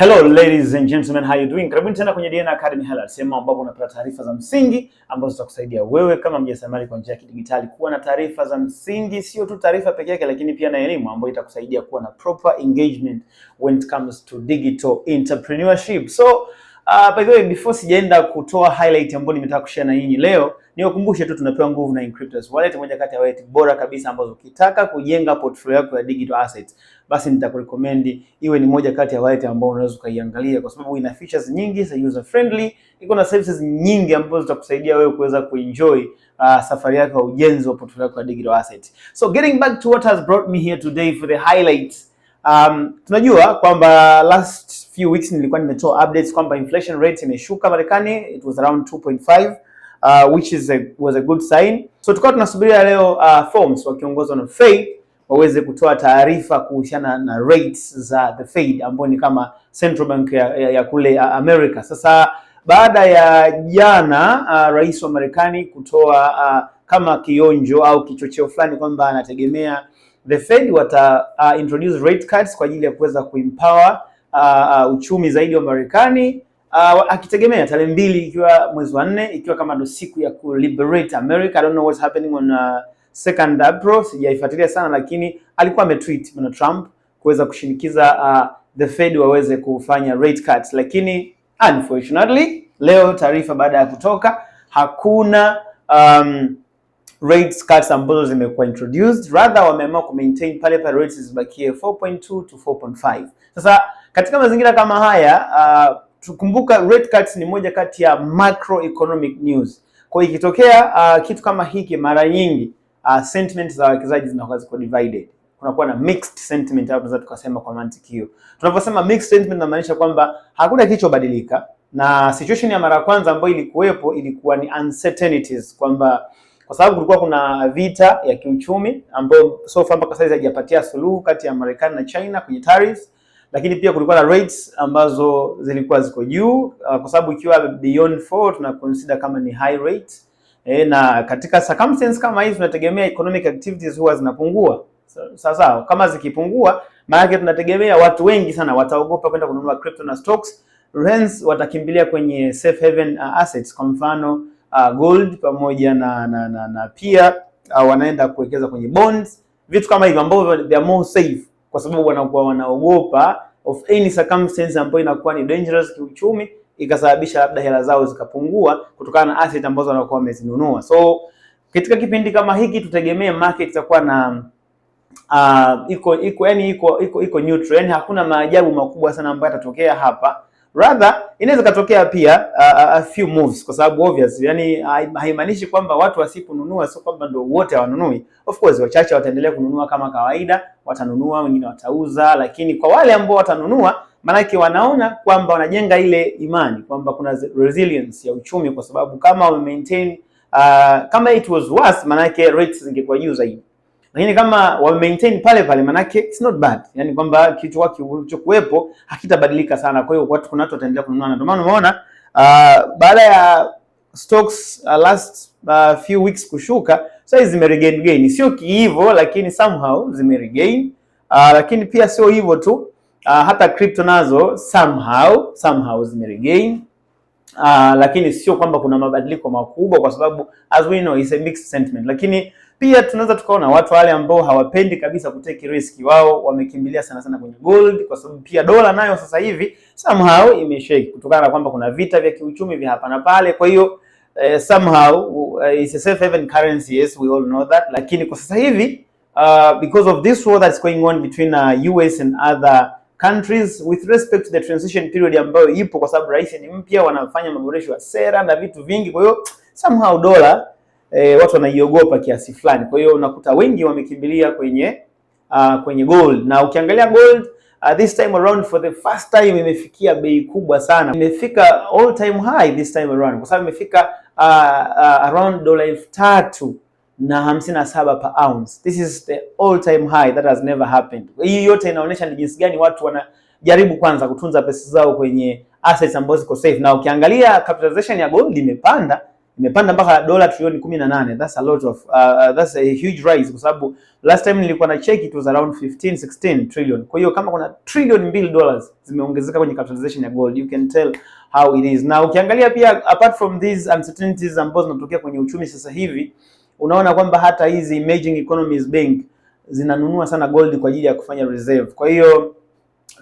Hello ladies and gentlemen, how you doing? Karibuni tena kwenye DNA Academy Halal, sehemu ambapo unapata taarifa za msingi ambazo zitakusaidia wewe kama mjasiriamali kwa njia ya kidijitali kuwa na taarifa za msingi, sio tu taarifa peke yake, lakini pia na elimu ambayo itakusaidia kuwa na proper engagement when it comes to digital entrepreneurship. So Uh, by the way, before sijaenda kutoa highlight ambayo nimetaka kushare na nyinyi leo, niwakumbushe tu tunapewa nguvu na Inkryptus Wallet, moja kati ya wallet bora kabisa ambazo ukitaka kujenga portfolio yako ya digital assets, basi nitakurecommend iwe ni moja kati ya wallet ambayo unaweza ukaiangalia kwa sababu ina features nyingi, za user friendly, iko na services nyingi ambazo zitakusaidia wewe kuweza kuenjoy uh, safari yako ya ujenzi wa portfolio yako ya digital assets. So getting back to what has brought me here today for the highlights. Um, tunajua kwamba last few weeks nilikuwa nimetoa updates kwamba inflation rate imeshuka Marekani, it was around 2.5 uh, which is a, was a good sign. So tukawa tunasubiria leo uh, forms wakiongozwa na Fed waweze kutoa taarifa kuhusiana na rates za the Fed ambayo ni kama central bank ya, ya, ya kule uh, America. Sasa baada ya jana uh, rais wa Marekani kutoa uh, kama kionjo au kichocheo fulani kwamba anategemea the Fed wata uh, introduce rate cuts kwa ajili ya kuweza kuempower uh, uh, uchumi zaidi wa Marekani uh, akitegemea tarehe mbili ikiwa mwezi wa nne ikiwa kama ndo siku ya ku liberate America. I don't know what's happening on uh, second April, sijaifuatilia sana, lakini alikuwa ametweet bwana Trump kuweza kushinikiza uh, the Fed waweze kufanya rate cuts, lakini unfortunately leo taarifa baada ya kutoka hakuna um, rate cuts ambazo zimekuwa introduced, rather wameamua ku maintain pale pale rates zibakie 4.2 to 4.5. Sasa katika mazingira kama haya uh, tukumbuka rate cuts ni moja kati ya macroeconomic news. Kwa ikitokea uh, kitu kama hiki mara nyingi uh, sentiment za wawekezaji zinakuwa ziko divided. Kunakuwa na mixed sentiment hapo, tunaweza tukasema kwa mantiki hiyo. Tunaposema mixed sentiment inamaanisha kwamba hakuna kilichobadilika na situation ya mara ya kwanza ambayo ilikuwepo ilikuwa ni uncertainties kwamba kwa sababu kulikuwa kuna vita ya kiuchumi ambayo so far mpaka sasa haijapatia suluhu kati ya Marekani na China kwenye tariffs lakini pia kulikuwa na rates ambazo zilikuwa ziko juu uh, kwa sababu ikiwa beyond 4 tuna consider kama ni high rate e, na katika circumstances kama hizi tunategemea economic activities huwa zinapungua sawa sawa. Kama zikipungua, maana tunategemea watu wengi sana wataogopa kwenda kununua crypto na stocks, hence watakimbilia kwenye safe haven uh, assets kwa mfano uh, gold pamoja na na, na, na pia uh, wanaenda kuwekeza kwenye bonds, vitu kama hivyo ambavyo they are more safe kwa sababu wanakuwa wanaogopa of any circumstance ambayo inakuwa ni dangerous kiuchumi, ikasababisha labda hela zao zikapungua kutokana na asset ambazo wanakuwa wamezinunua. So katika kipindi kama hiki tutegemee market itakuwa na uh, iko iko yani iko iko iko neutral, yani hakuna maajabu makubwa sana ambayo yatatokea hapa rather inaweza katokea pia a, a, few moves kwa sababu obvious, yani haimaanishi kwamba watu wasiponunua, sio kwamba ndio wote hawanunui. Of course wachache wataendelea kununua kama kawaida, watanunua, wengine watauza, lakini kwa wale ambao watanunua, maanake wanaona kwamba wanajenga ile imani kwamba kuna resilience ya uchumi, kwa sababu kama wame maintain uh, kama it was worse, maanake rates zingekuwa juu zaidi lakini kama wa maintain pale pale, manake it's not bad, yani kwamba kitu kilichokuwepo hakitabadilika sana. Kwa hiyo watu kuna watu wataendelea kununua, na ndio maana umeona uh, baada ya stocks uh, last uh, few weeks kushuka sasa so, zimeregain gain, sio hivyo, lakini somehow zimeregain uh, lakini pia sio hivyo tu uh, hata crypto nazo somehow somehow zimeregain Uh, lakini sio kwamba kuna mabadiliko makubwa kwa sababu as we know is a mixed sentiment, lakini pia tunaweza tukaona watu wale ambao hawapendi kabisa kuteki riski, wao wamekimbilia sana sana kwenye gold, kwa sababu pia dola nayo sasa hivi somehow imeshake kutokana na kwamba kuna vita vya kiuchumi vya hapa na pale. Kwa hiyo Uh, somehow uh, it's a safe haven currency, yes we all know that, lakini kwa sasa hivi uh, because of this war that's going on between uh, ah, US and other countries with respect to the transition period ambayo ipo, kwa sababu rais ni mpya, wanafanya maboresho ya sera na vitu vingi. Kwa hiyo somehow dola e, eh, watu wanaiogopa kiasi fulani. Kwa hiyo unakuta wengi wamekimbilia kwenye uh, kwenye gold na ukiangalia gold Uh, this time around for the first time imefikia bei kubwa sana, imefika all time high this time around kwa sababu imefika uh, uh, around dola elfu tatu na hamsini na saba per ounce. This is the all time high that has never happened. Hii yote inaonyesha ni jinsi gani watu wanajaribu kwanza kutunza pesa zao kwenye assets ambazo ziko safe, na ukiangalia capitalization ya gold imepanda imepanda mpaka dola trilioni nane. That's a lot of uh, uh, that's a huge rise, kwa sababu last time nilikuwa na check it was around 15 16 trillion. Kwa hiyo kama kuna trillion mbili dollars zimeongezeka kwenye capitalization ya gold, you can tell how it is. Na ukiangalia pia apart from these uncertainties ambazo zinatokea kwenye uchumi sasa hivi unaona kwamba hata hizi emerging economies bank zinanunua sana gold kwa ajili ya kufanya reserve. Kwa hiyo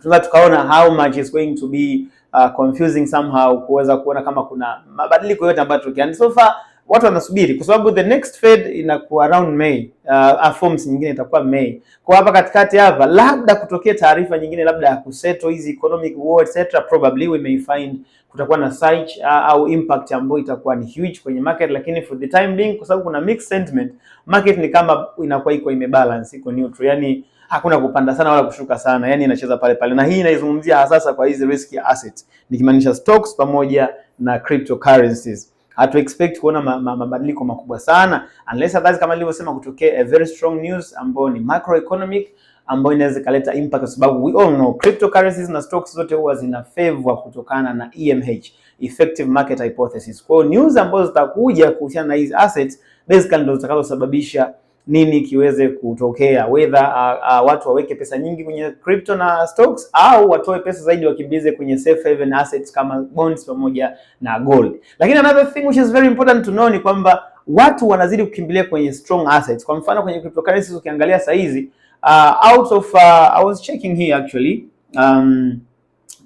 tunaweza tukaona how much is going to be uh, confusing somehow kuweza kuona kama kuna mabadiliko yote ambayo tukiani so far watu wanasubiri kwa sababu the next Fed inakuwa around May. Uh, uh, forms nyingine itakuwa May. Kwa hapa katikati hapa labda kutokea taarifa nyingine labda ya kuseto hizi economic war etc, probably we may find kutakuwa na surge uh, au impact ambayo itakuwa ni huge kwenye market, lakini for the time being kwa sababu kuna mixed sentiment, market ni kama inakuwa iko imebalance, iko neutral, yani hakuna kupanda sana wala kushuka sana, yani inacheza pale pale, na hii inaizungumzia hasa kwa hizi risky assets, nikimaanisha stocks pamoja na cryptocurrencies hatu expect kuona mabadiliko ma, ma, makubwa sana unless hadhari kama nilivyosema kutokea a very strong news ambayo ni macroeconomic ambayo inaweza ikaleta impact, kwa sababu we all know cryptocurrencies na stocks zote huwa zina favor kutokana na EMH, effective market hypothesis. Kwa hiyo news ambazo zitakuja kuhusiana na hizi assets basically ndio zitakazosababisha nini kiweze kutokea, whether uh, uh, watu waweke pesa nyingi kwenye crypto na stocks au watoe pesa zaidi wakimbize kwenye safe haven assets kama bonds pamoja na gold. Lakini another thing which is very important to know ni kwamba watu wanazidi kukimbilia kwenye strong assets. Kwa mfano kwenye cryptocurrencies ukiangalia saa hizi uh, out of uh, I was checking here actually um,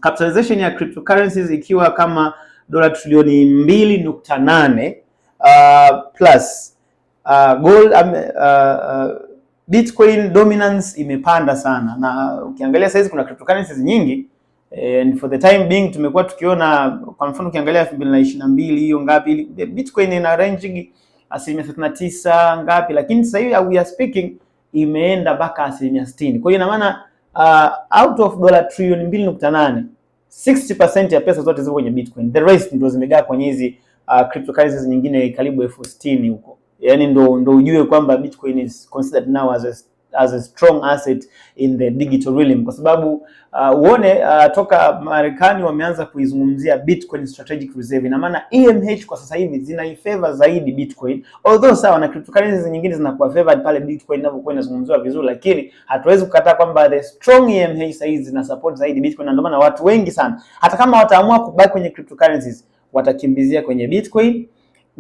capitalization ya cryptocurrencies ikiwa kama dola trilioni mbili nukta nane uh, plus uh, gold um, uh, uh, Bitcoin dominance imepanda sana, na ukiangalia saizi kuna cryptocurrencies nyingi eh, and for the time being tumekuwa tukiona, kwa mfano ukiangalia 2022 hiyo ngapi, Bitcoin ina range asilimia 39 ngapi, lakini sasa hivi uh, we are speaking imeenda mpaka asilimia 60. Kwa hiyo ina maana uh, out of dola trilioni 2.8 60% ya pesa zote ziko kwenye Bitcoin, the rest ndio zimegaa kwenye hizi uh, cryptocurrencies nyingine karibu elfu sitini huko yani ndo, ndo ujue kwamba Bitcoin is considered now as a as a strong asset in the digital realm kwa sababu uh, uone uh, toka Marekani wameanza kuizungumzia Bitcoin strategic reserve, ina maana EMH kwa sasa hivi zinaifavor zaidi Bitcoin, although sawa na cryptocurrencies nyingine zinakuwa favored pale Bitcoin inapokuwa inazungumziwa vizuri, lakini hatuwezi kukataa kwamba the strong EMH sasa hizi zina support zaidi Bitcoin, na ndio maana watu wengi sana hata kama wataamua kubaki kwenye cryptocurrencies watakimbizia kwenye Bitcoin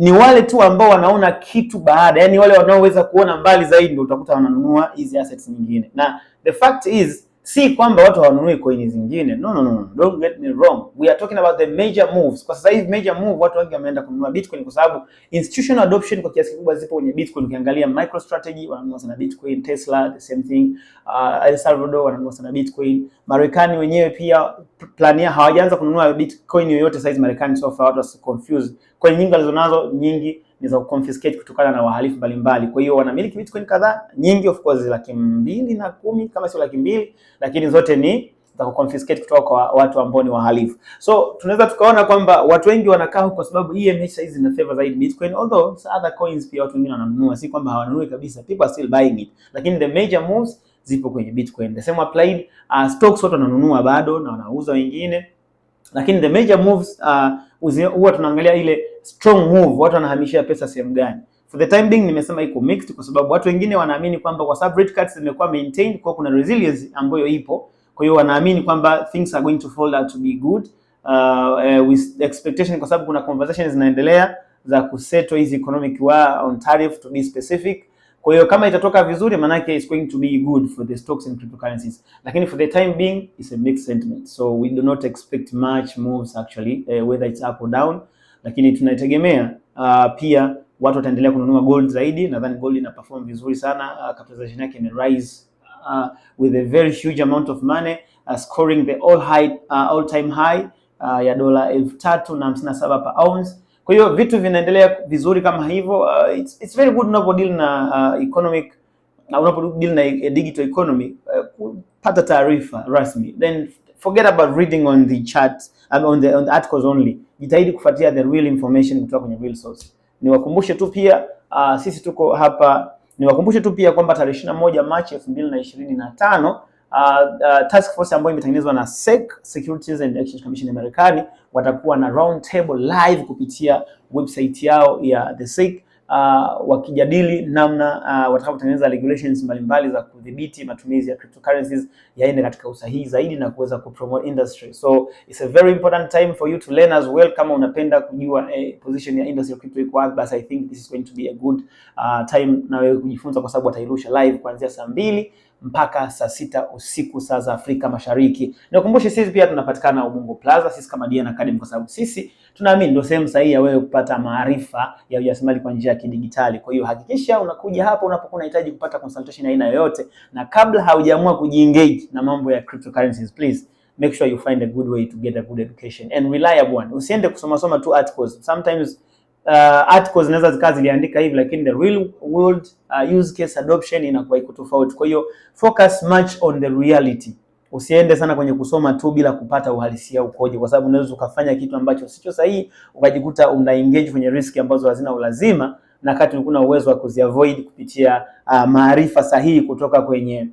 ni wale tu ambao wanaona kitu baada, yani wale wanaoweza kuona mbali zaidi ndio utakuta wananunua hizi assets nyingine, na the fact is si kwamba watu hawanunui coin zingine. No, no, no, don't get me wrong, we are talking about the major moves. Kwa sasa hivi major move, watu wengi wameenda kununua Bitcoin kwa sababu institutional adoption kwa kiasi kikubwa zipo kwenye Bitcoin. Ukiangalia MicroStrategy wananunua sana Bitcoin, Tesla the same thing, uh, El Salvador wananunua sana Bitcoin, Marekani wenyewe pia plani yao hawajaanza kununua Bitcoin yoyote saizi Marekani, so far watu wasi confuse. Coin nyingi walizonazo nyingi ni za confiscate kutokana na wahalifu mbalimbali. Kwa hiyo wanamiliki Bitcoin kadhaa nyingi, of course laki mbili na kumi kama sio laki mbili, lakini zote ni za confiscate kutoka kwa watu ambao ni wahalifu. So tunaweza tukaona kwamba watu wengi wanakaa huko kwa sababu EMH saizi ina favor zaidi Bitcoin, although other coins pia watu wengine wananunua, si kwamba hawanunui kabisa, people are still buying it, lakini the major moves zipo kwenye Bitcoin. The same applied uh, stocks watu wananunua bado na wanauza wengine, lakini the major moves uh, huwa uh, tunaangalia ile strong move, watu wanahamishia pesa sehemu gani. For the time being nimesema iko mixed, kwa sababu watu wengine wanaamini kwamba kwa sababu rate cuts zimekuwa maintained, kwa kuna resilience ambayo ipo, kwa hiyo wanaamini kwamba things are going to fall out to be good uh, uh, with expectation, kwa sababu kuna conversations zinaendelea za kuseto hizi economic war on tariff to be specific kwa hiyo kama itatoka vizuri, maanake it's going to be good for the stocks and cryptocurrencies, lakini for the time being it's a mixed sentiment, so we do not expect much moves actually, uh, whether it's up or down, lakini tunategemea uh, ah, pia watu wataendelea kununua gold zaidi. Nadhani gold ina perform vizuri sana uh, capitalization yake ime rise uh, with a very huge amount of money uh, scoring the all high uh, all time high uh, ya dola elfu tatu na hamsini na saba per ounce. Kwa hiyo vitu vinaendelea vizuri kama hivyo. Uh, it's, it's very good unapodeal na uh, economic na unapodeal na uh, digital economy uh, kupata uh, taarifa rasmi, then forget about reading on the chat and uh, on the, on the articles only. Jitahidi kufuatia the real information kutoka kwenye real source. Niwakumbushe tu pia uh, sisi tuko hapa, niwakumbushe tu pia kwamba tarehe 21 Machi 2025 uh, uh, task force ambayo imetengenezwa na SEC, Securities and Exchange Commission ya Marekani, watakuwa na round table live kupitia website yao ya the SEC. Uh, wakijadili namna uh, watakapotengeneza regulations mbalimbali za kudhibiti matumizi ya cryptocurrencies yaende katika usahihi zaidi na kuweza kupromote industry. So it's a very important time for you to learn as well. Kama unapenda kujua eh, position ya industry ya crypto iko wapi, but I think this is going to be a good uh, time na wewe kujifunza, kwa sababu watairusha live kuanzia saa mbili mpaka saa sita usiku saa za Afrika Mashariki. Nikukumbushe, sisi pia tunapatikana Ubungo Plaza, sisi kama Dien Academy, kwa sababu sisi tunaamini ndio sehemu sahihi ya wewe kupata maarifa ya ujasiriamali kwa njia ya kidigitali. Kwa hiyo hakikisha unakuja hapo unapokuwa unahitaji kupata consultation aina yoyote, na kabla haujaamua kujiengage na mambo ya cryptocurrencies, please make sure you find a good way to get a good education and reliable one. Usiende kusoma soma tu articles sometimes uh, articles zinaweza zikawa ziliandika hivi lakini the real world uh, use case adoption inakuwa iko tofauti. Kwa hiyo focus much on the reality, usiende sana kwenye kusoma tu bila kupata uhalisia ukoje, kwa sababu unaweza ukafanya kitu ambacho sicho sahihi ukajikuta una engage kwenye riski ambazo hazina ulazima, na kati kuna uwezo wa kuziavoid kupitia uh, maarifa sahihi kutoka kwenye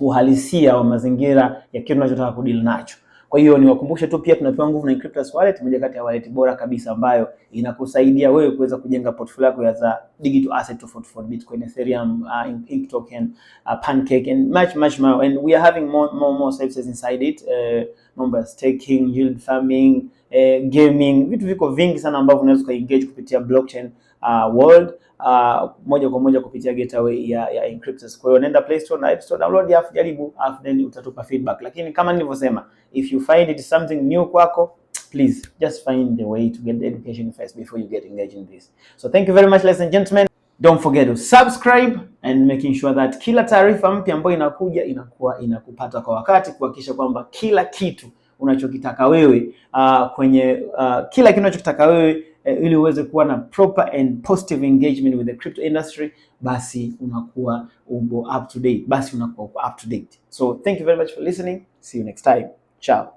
uhalisia wa mazingira ya kitu unachotaka kudili nacho. Kwa hiyo niwakumbushe tu pia tunapewa nguvu na Inkryptus Wallet, moja kati ya wallet bora kabisa ambayo inakusaidia wewe kuweza kujenga portfolio yako ya za digital asset tofauti for Bitcoin, Ethereum, uh, Ink token, uh, Pancake and much much more and we are having more more, more services inside it uh, mambo ya staking, yield farming, uh, gaming, vitu viko vingi sana ambavyo unaweza kuengage kupitia blockchain uh, world uh, moja kwa moja kupitia gateway ya, ya Encryptus. Kwa hiyo nenda Play Store na App Store download, alafu jaribu, alafu then utatupa feedback, lakini kama nilivyosema, if you find it something new kwako please just find the way to get the education first before you get engaged in this. So thank you very much ladies and gentlemen. Don't forget to subscribe and making sure that kila taarifa mpya ambayo inakuja inakuwa inakupata kwa wakati, kuhakikisha kwamba kila kitu unachokitaka wewe uh, kwenye uh, kila kitu unachokitaka wewe eh, ili uweze kuwa na proper and positive engagement with the crypto industry, basi unakuwa ubo up to date, basi unakuwa uko up to date. So thank you very much for listening, see you next time, ciao.